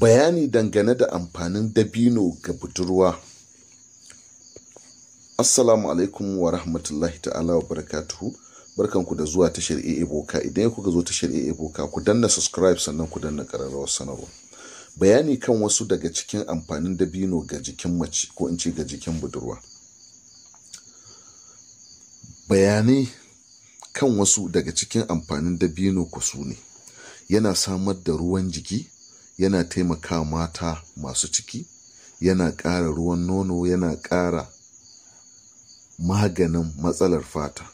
bayani dangane da amfanin dabino ga budurwa assalamu alaikum wa rahmatullahi ta'ala wa barakatuhu barkanku da zuwa tashar AA Boka idan kuka zo tashar AA Boka ku danna subscribe sannan ku danna ƙararrawar sanarwa bayani kan wasu daga cikin amfanin dabino ga jikin mace ko in ce ga jikin budurwa bayanai kan wasu daga cikin amfanin dabino ku su ne yana samar da ruwan jiki yana taimaka mata masu ciki yana ƙara ruwan nono yana ƙara maganin matsalar fata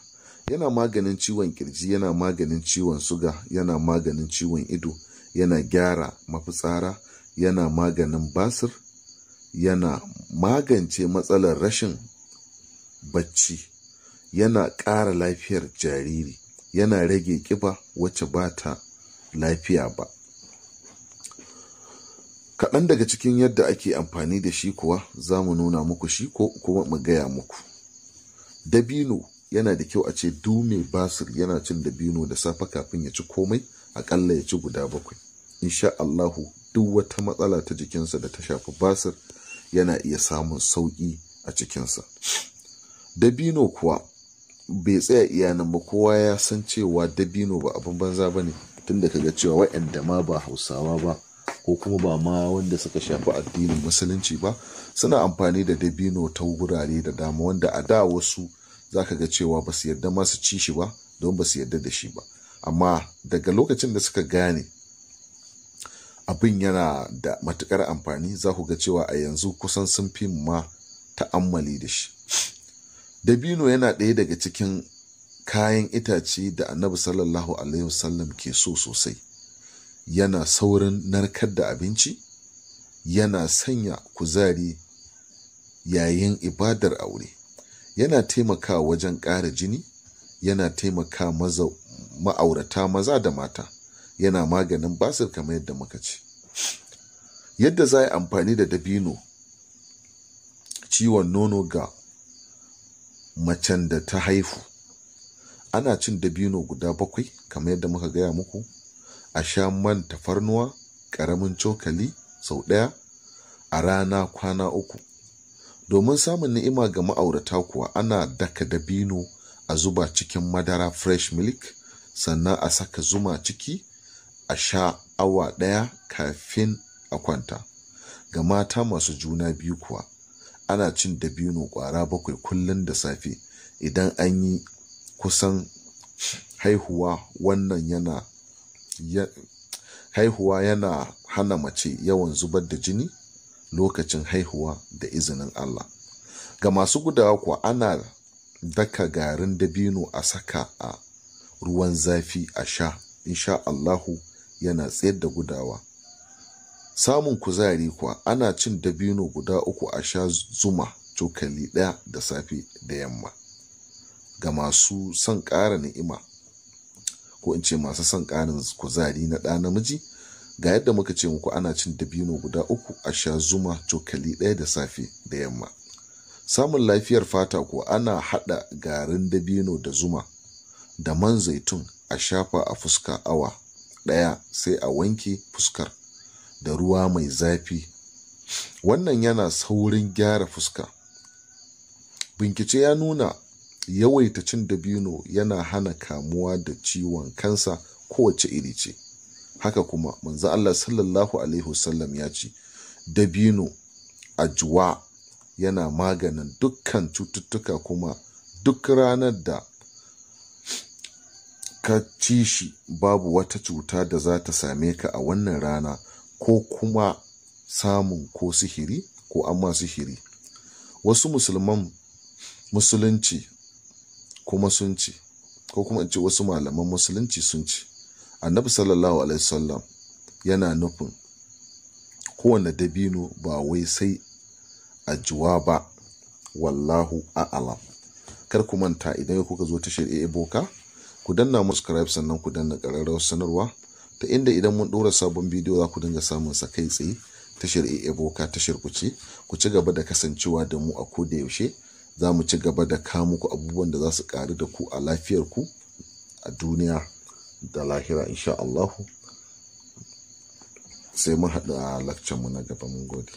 yana maganin ciwon kirji yana maganin ciwon suga yana maganin ciwon ido yana gyara mafitsara yana maganin basir yana magance matsalar rashin bacci yana ƙara lafiyar jariri yana rage ƙiba wacce ba ta lafiya ba kaɗan daga cikin yadda ake amfani da shi kuwa za mu nuna muku shi ko kuma mu gaya muku dabino yana da kyau a ce du mai basir yana cin dabino da safe kafin ya ci komai aƙalla ya ci guda bakwai insha Allahu duk wata matsala ta jikinsa da ta shafi basir yana iya samun sauƙi a cikinsa dabino kuwa bai tsaya iya nan ba kowa ya san cewa dabino ba abin banza ba ne tun da kaga cewa waɗanda ma ba hausawa ba ko kuma ba ma wanda suka shafi addinin musulunci ba suna amfani da dabino ta wurare da dama wanda a da wasu zaka ga cewa ba su yarda ma su ci shi ba don ba su yarda da shi ba amma daga lokacin da suka gane abin yana da matukar amfani za ku ga cewa a yanzu kusan sun fi ma ta'ammali da shi dabino yana ɗaya daga cikin kayan itace da annabi sallallahu alaihi wasallam ke so sosai yana saurin narkar da abinci yana sanya kuzari yayin ibadar aure yana taimaka wajen ƙara jini yana taimaka ma'aurata maza da mata yana maganin basir kamar yadda muka ce yadda za a yi amfani da dabino ciwon nono ga macen da ta haifu ana cin dabino guda bakwai kamar yadda muka gaya muku a sha man tafarnuwa ƙaramin cokali sau ɗaya a rana kwana uku domin samun ni'ima ga ma'aurata kuwa ana daka dabino a zuba cikin madara fresh milk sannan a saka zuma ciki a sha awa ɗaya kafin a kwanta ga mata masu juna biyu kuwa ana cin dabino ƙwara bakwai kullum da safe idan an yi kusan haihuwa wannan yana haihuwa yana hana mace yawan zubar da jini lokacin haihuwa da izinin Allah ga masu gudawa kuwa ana daka garin dabino a saka a ruwan zafi a sha insha Allahu yana tsayar da gudawa samun kuzari kuwa ana cin dabino guda uku a sha zuma cokali ɗaya da safe da yamma ga masu son ƙara ni'ima ko in ce masu son ƙarin kuzari na ɗa namiji ga yadda muka ce muku ana cin dabino guda uku a sha zuma cokali ɗaya da safe da yamma samun lafiyar fata ko ana haɗa garin dabino da zuma da man zaitun a shafa a fuska awa ɗaya sai a wanke fuskar da ruwa mai zafi wannan yana saurin gyara fuska bincike ya nuna yawaita cin dabino yana hana kamuwa da ciwon kansa kowace iri ce haka kuma manzo Allah sallallahu alaihi wasallam ya ce dabino ajuwa yana maganin dukkan cututtuka kuma duk ranar da ka ci shi babu wata cuta da za ta same ka a wannan rana ko kuma samun ko sihiri ko amma sihiri wasu musulman musulunci kuma sun ce ko kuma in ce wasu malaman musulunci sun ce annabi sallallahu alaihi wasallam yana nufin kowane dabino ba wai sai a juwa ba wallahu a'alam kar ku manta idan kuka zo tashar AA Boka ku danna subscribe sannan ku danna ƙararrawar sanarwa ta inda idan mun ɗora sabon bidiyo za ku dinga samun sa kai tsaye tashar AA Boka tashar ku ce ku ci gaba da kasancewa da mu a koda yaushe za mu ci gaba da kawo muku abubuwan da za su ƙaru da ku a lafiyarku a duniya da lahira insha Allahu sai mun haɗu a mu na gaba mun gode